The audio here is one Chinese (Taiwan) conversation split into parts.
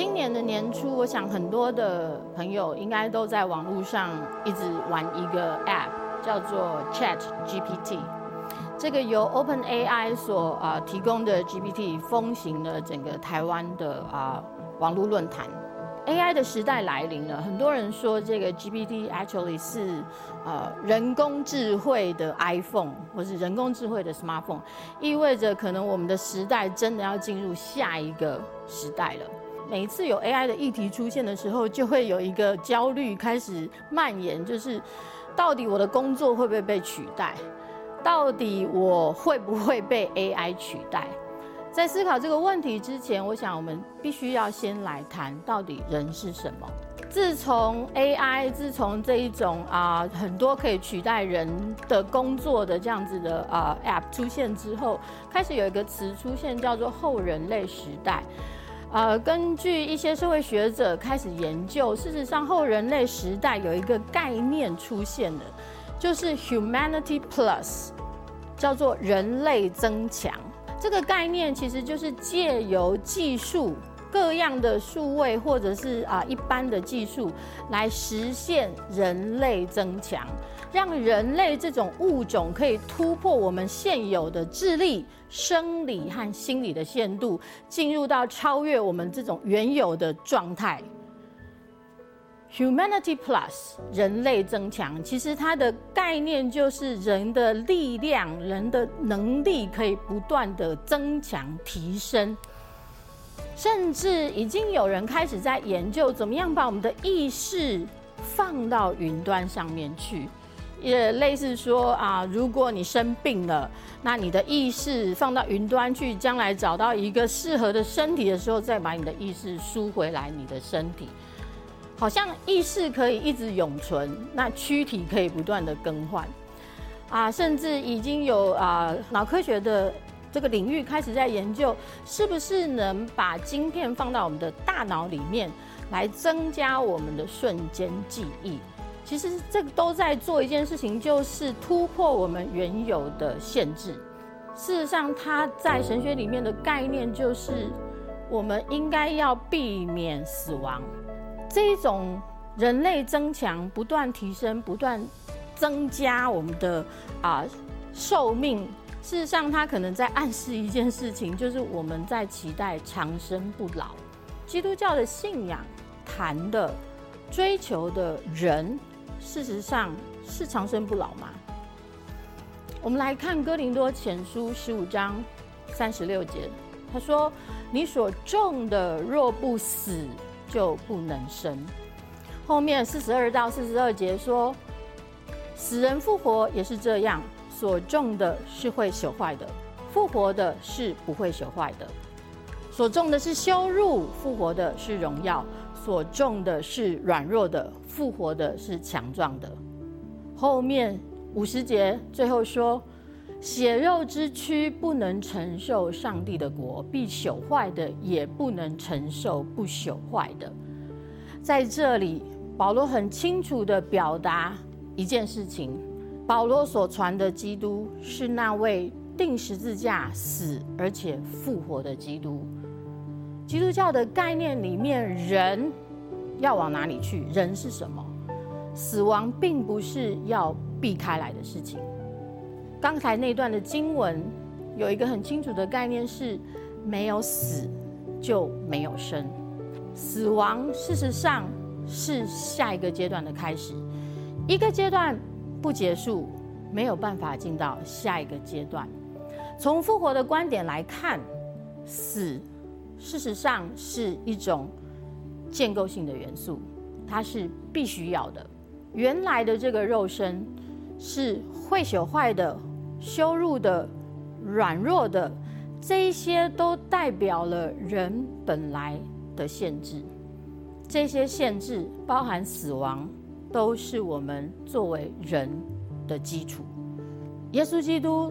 今年的年初，我想很多的朋友應該都在網絡上一直玩一個 App，叫做 ChatGPT。這個由 OpenAI 所啊提供的 GPT，風行了整個台灣的啊網絡論壇。AI 的時代來臨了，很多人說這個 GPT actually 是人工智慧的 iPhone，或是人工智慧的 Smartphone，意味着可能我們的時代真的要進入下一個時代了。每一次有 AI 的議題出現的時候，就會有一個焦慮開始蔓延，就是到底我的工作會不會被取代，到底我會不會被 AI 取代？在思考這個問題之前，我想我們必須要先來談到底人是什麼？自從 AI，自從這一種啊很多可以取代人的工作的這樣子的啊 App 出現之後，開始有一個詞出現，叫做後人類時代。呃，根據一些社會學者開始研究，事實上後人類時代有一個概念出現的，就是 humanity plus，叫做人類增強。這個概念其實就是借由技術各樣的數位或者是啊、呃、一般的技術來實現人類增強。讓人類這種物種可以突破我們現有的智力、生理和心理的限度，進入到超越我們這種原有的狀態。Humanity Plus，人類增強，其實它的概念就是人的力量、人的能力可以不斷地增強提升，甚至已經有人開始在研究怎麼樣把我們的意識放到雲端上面去。也類似說啊，如果你生病了，那你的意識放到雲端去，將來找到一個適合的身體的時候，再把你的意識輸回來，你的身體好像意識可以一直永存，那軀體可以不斷的更換啊，甚至已經有啊，腦科學的這個領域開始在研究，是不是能把晶片放到我們的大腦裡面，來增加我們的瞬間記憶。其實，這個都在做一件事情，就是突破我們原有的限制。事實上，他在神學裡面的概念就是，我們應該要避免死亡。這種人類增強、不斷提升、不斷增加我們的啊、呃、壽命，事實上，他可能在暗示一件事情，就是我們在期待長生不老。基督教的信仰談的追求的人。事實上是長生不老嗎？我們來看《哥林多前書》十五章三十六節，他說：“你所種的若不死，就不能生。”後面四十二到四十二節說：“死人復活也是這樣，所種的是會朽壞的，復活的是不會朽壞的。所種的是羞辱，復活的是榮耀。”所種的是軟弱的，復活的是強壯的。後面五十節最後說：“血肉之軀不能承受上帝的國，必朽壞的也不能承受不朽壞的。”在這裡，保羅很清楚的表達一件事情：保羅所傳的基督是那位釘十字架死而且復活的基督。基督教的概念裡面，人要往哪裡去？人是什麼？死亡並不是要避開來的事情。剛才那段的經文有一個很清楚的概念是，沒有死就沒有生。死亡事實上是下一個階段的開始。一個階段不結束，沒有辦法進到下一個階段。從復活的觀點來看，死。事實上是一種建構性的元素，它是必須要的。原來的這個肉身是會朽壞的、羞辱的、軟弱的，這一些都代表了人本來的限制。這些限制包含死亡，都是我們作為人的基礎。耶穌基督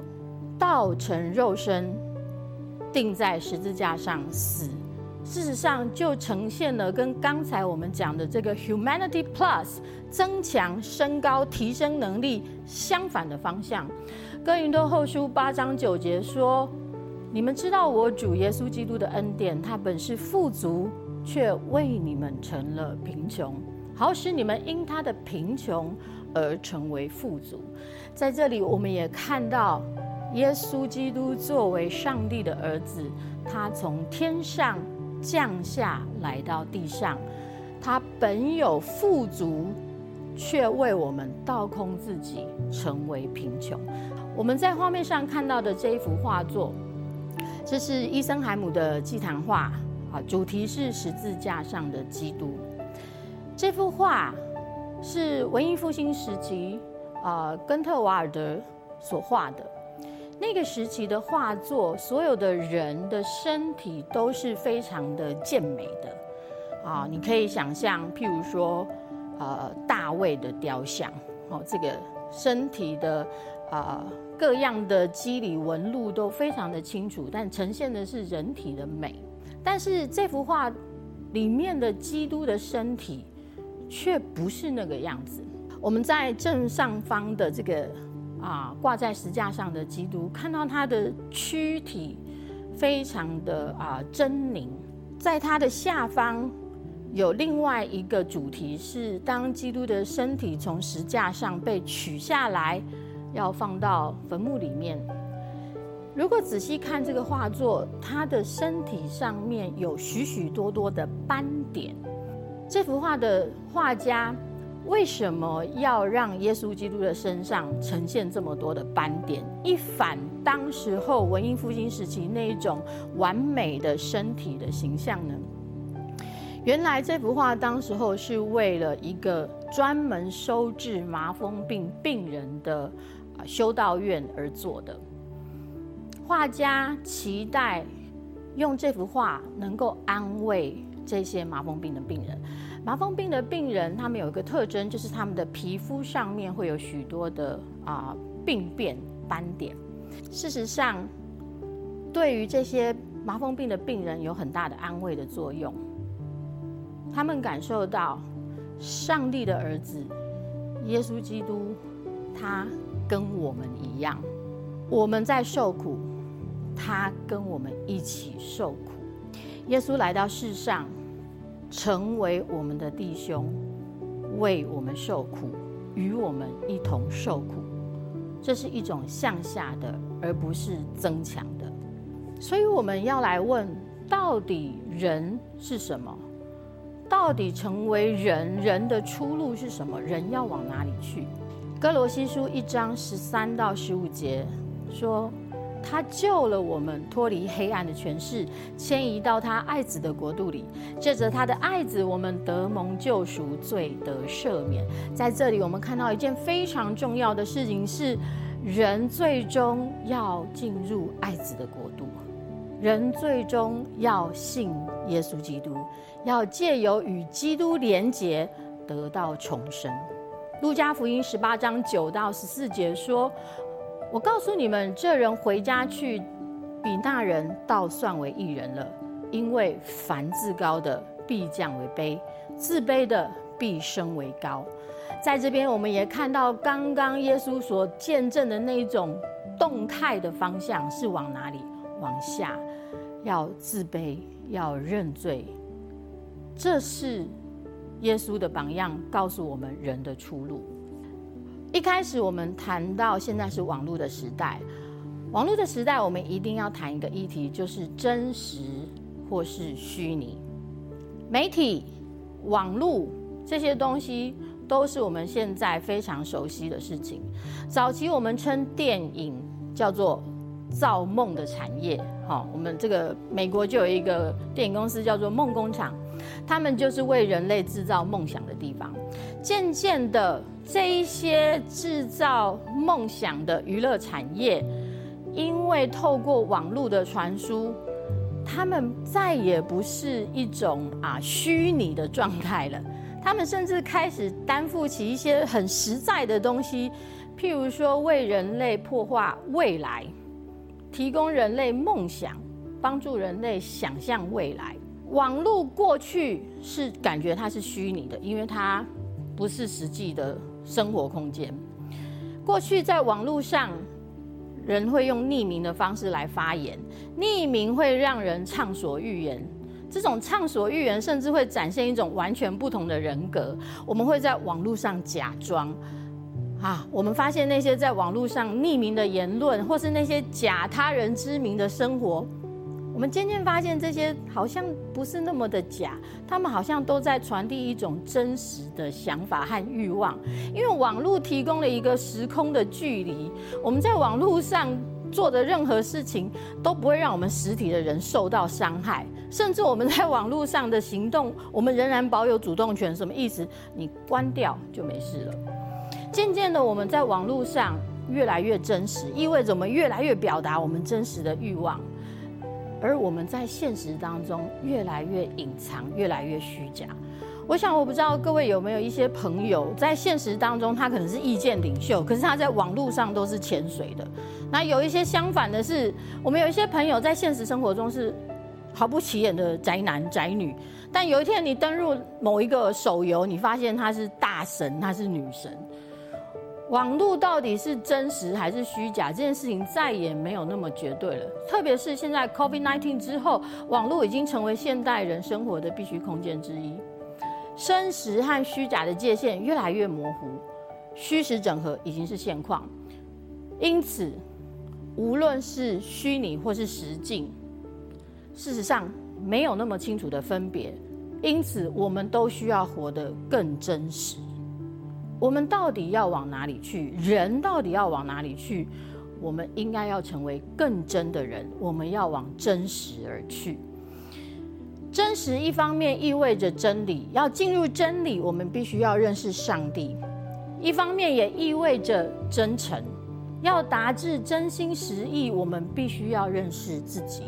道成肉身，定在十字架上死，事實上就呈現了跟剛才我們講的這個 humanity plus 增強、升高、提升能力相反的方向。哥林多後書八章九節說：“你們知道我主耶穌基督的恩典，他本是富足，卻為你們成了貧窮，好使你們因他的貧窮而成為富足。”在這裡，我們也看到。耶穌基督作為上帝的兒子，他從天上降下來到地上。他本有富足，卻為我們倒空自己，成為貧窮。我們在畫面上看到的這一幅畫作，這是伊森海姆的祭壇畫啊，主題是十字架上的基督。這幅畫是文藝復興時期啊、呃、根特瓦爾德所畫的。那個時期的畫作，所有的人的身體都是非常的健美的，啊，你可以想象，譬如說，呃，大衛的雕像，哦，這個身體的啊各樣的肌理紋路都非常的清楚，但呈現的是人體的美。但是這幅畫裡面的基督的身體卻不是那個樣子。我們在正上方的這個。啊，掛在十架上的基督，看到他的軀體非常的啊猙獰，在他的下方有另外一個主題是，當基督的身體從十架上被取下來，要放到墳墓裡面。如果仔細看這個畫作，他的身體上面有許許多多的斑點。這幅畫的畫家。為什麼要讓耶穌基督的身上呈現這麼多的斑點，一反當時候文藝復興時期那一種完美的身體的形象呢？原來這幅畫當時候是為了一個專門收治麻風病病人的啊修道院而做的。畫家期待用這幅畫能夠安慰這些麻風病的病人。麻風病的病人，他們有一個特徵，就是他們的皮膚上面會有許多的啊、呃、病變斑點。事實上，對於這些麻風病的病人有很大的安慰的作用。他們感受到上帝的兒子耶穌基督，他跟我們一樣，我們在受苦，他跟我們一起受苦。耶穌來到世上。成為我們的弟兄，為我們受苦，與我們一同受苦，這是一種向下的，而不是增強的。所以我們要來問：到底人是什麼？到底成為人，人的出路是什麼？人要往哪裡去？哥羅西書一章十三到十五節說。他救了我們脫離黑暗的權勢，遷移到他愛子的國度裡。借着他的愛子，我們得蒙救贖、罪得赦免。在這裡，我們看到一件非常重要的事情是：是人最終要進入愛子的國度，人最終要信耶穌基督，要借由與基督連結，得到重生。路加福音十八章九到十四節說，我告訴你們，這人回家去，比那人倒算為義人了，因為凡自高的必降為卑，自卑的必升為高。在這邊，我們也看到剛剛耶穌所見證的那種動態的方向是往哪裡？往下，要自卑，要認罪。這是耶穌的榜樣，告訴我們人的出路。一開始我們談到現在是網絡的時代，網絡的時代，我們一定要談一個議題，就是真實或是虛擬。媒體、網絡這些東西都是我們現在非常熟悉的事情。早期我們稱電影叫做造夢的產業，好，我們這個美國就有一個電影公司叫做夢工廠。他們就是為人類制造夢想的地方。漸漸的，這一些制造夢想的娛樂產業，因為透過網絡的傳輸，他們再也不是一種啊虛擬的狀態了。他們甚至開始擔負起一些很實在的東西，譬如說為人類擘畫未來，提供人類夢想，幫助人類想象未來。網絡過去是感覺它是虛擬的，因為它不是實際的生活空間。過去在網絡上，人會用匿名的方式來發言，匿名會讓人暢所欲言。這種暢所欲言，甚至會展現一種完全不同的人格。我們會在網絡上假裝啊，我們發現那些在網絡上匿名的言論，或是那些假他人之名的生活。我們漸漸發現，這些好像不是那麼的假，他們好像都在傳遞一種真實的想法和慾望。因為網絡提供了一個時空的距離，我們在網絡上做的任何事情都不會讓我們實體的人受到傷害，甚至我們在網絡上的行動，我們仍然保有主動權。什麼意思？你關掉就沒事了。漸漸的，我們在網絡上越來越真實，意味着我們越來越表達我們真實的慾望。而我們在現實當中越來越隱藏，越來越虛假。我想，我不知道各位有沒有一些朋友在現實當中，他可能是意見領袖，可是他在網路上都是潛水的。那有一些相反的是，我們有一些朋友在現實生活中是毫不起眼的宅男宅女，但有一天你登入某一個手遊，你發現他是大神，他是女神。網絡到底是真實還是虛假，這件事情再也沒有那麼絕對了。特別是現在 COVID-19 之後，網絡已經成為現代人生活的必須空間之一，真實和虛假的界限越來越模糊，虛實整合已經是現況。因此，無論是虛擬或是實境，事實上沒有那麼清楚的分別。因此，我們都需要活得更真實。我們到底要往哪裡去？人到底要往哪裡去？我們應該要成為更真的人。我們要往真實而去。真實一方面意味着真理，要進入真理，我們必須要認識上帝；一方面也意味着真誠，要達至真心實意，我們必須要認識自己。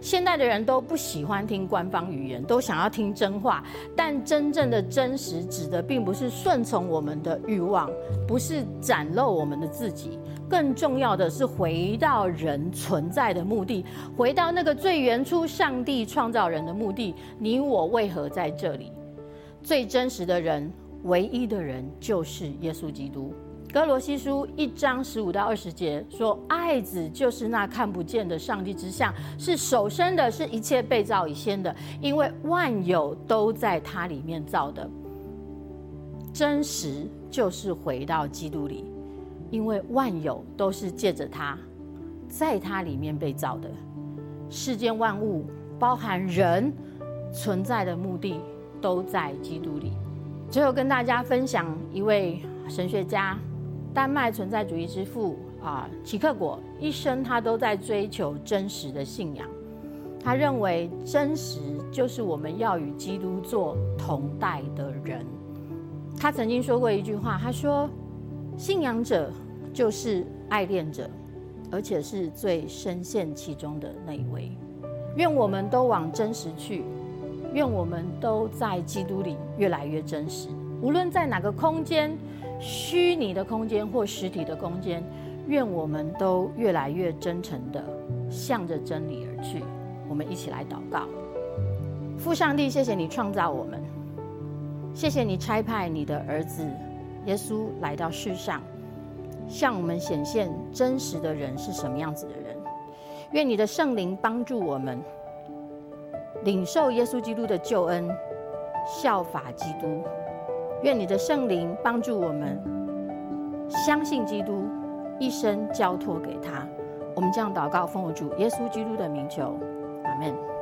現代的人都不喜歡聽官方語言，都想要聽真話。但真正的真實，指的並不是順從我們的慾望，不是展露我們的自己，更重要的是回到人存在的目的，回到那個最原初上帝創造人的目的。你我為何在這裡？最真實的人，唯一的人，就是耶穌基督。歌羅西書一章十五到二十節說：“愛子就是那看不見的上帝之像，是首生的，是一切被造以先的，因為萬有都在他裡面造的。真實就是回到基督裡，因為萬有都是借着他，在他裡面被造的。世間萬物包含人存在的目的都在基督裡。最後跟大家分享一位神學家。”丹麥存在主義之父啊，齊克果一生他都在追求真實的信仰。他認為真實就是我們要與基督做同代的人。他曾經說過一句話，他說：“信仰者就是愛戀者，而且是最深陷其中的那一位。”願我們都往真實去，願我們都在基督裡越來越真實。無論在哪個空間，虛擬的空間或實體的空間，願我們都越來越真誠地向着真理而去。我們一起來禱告：父上帝，謝謝你創造我們，謝謝你差派你的兒子耶穌來到世上，向我們顯現真實的人是什麼樣子的人。願你的聖靈幫助我們領受耶穌基督的救恩，效法基督。願你的聖靈幫助我們，相信基督，一生交託給他。我們這樣禱告，奉我主耶穌基督的名求，阿門。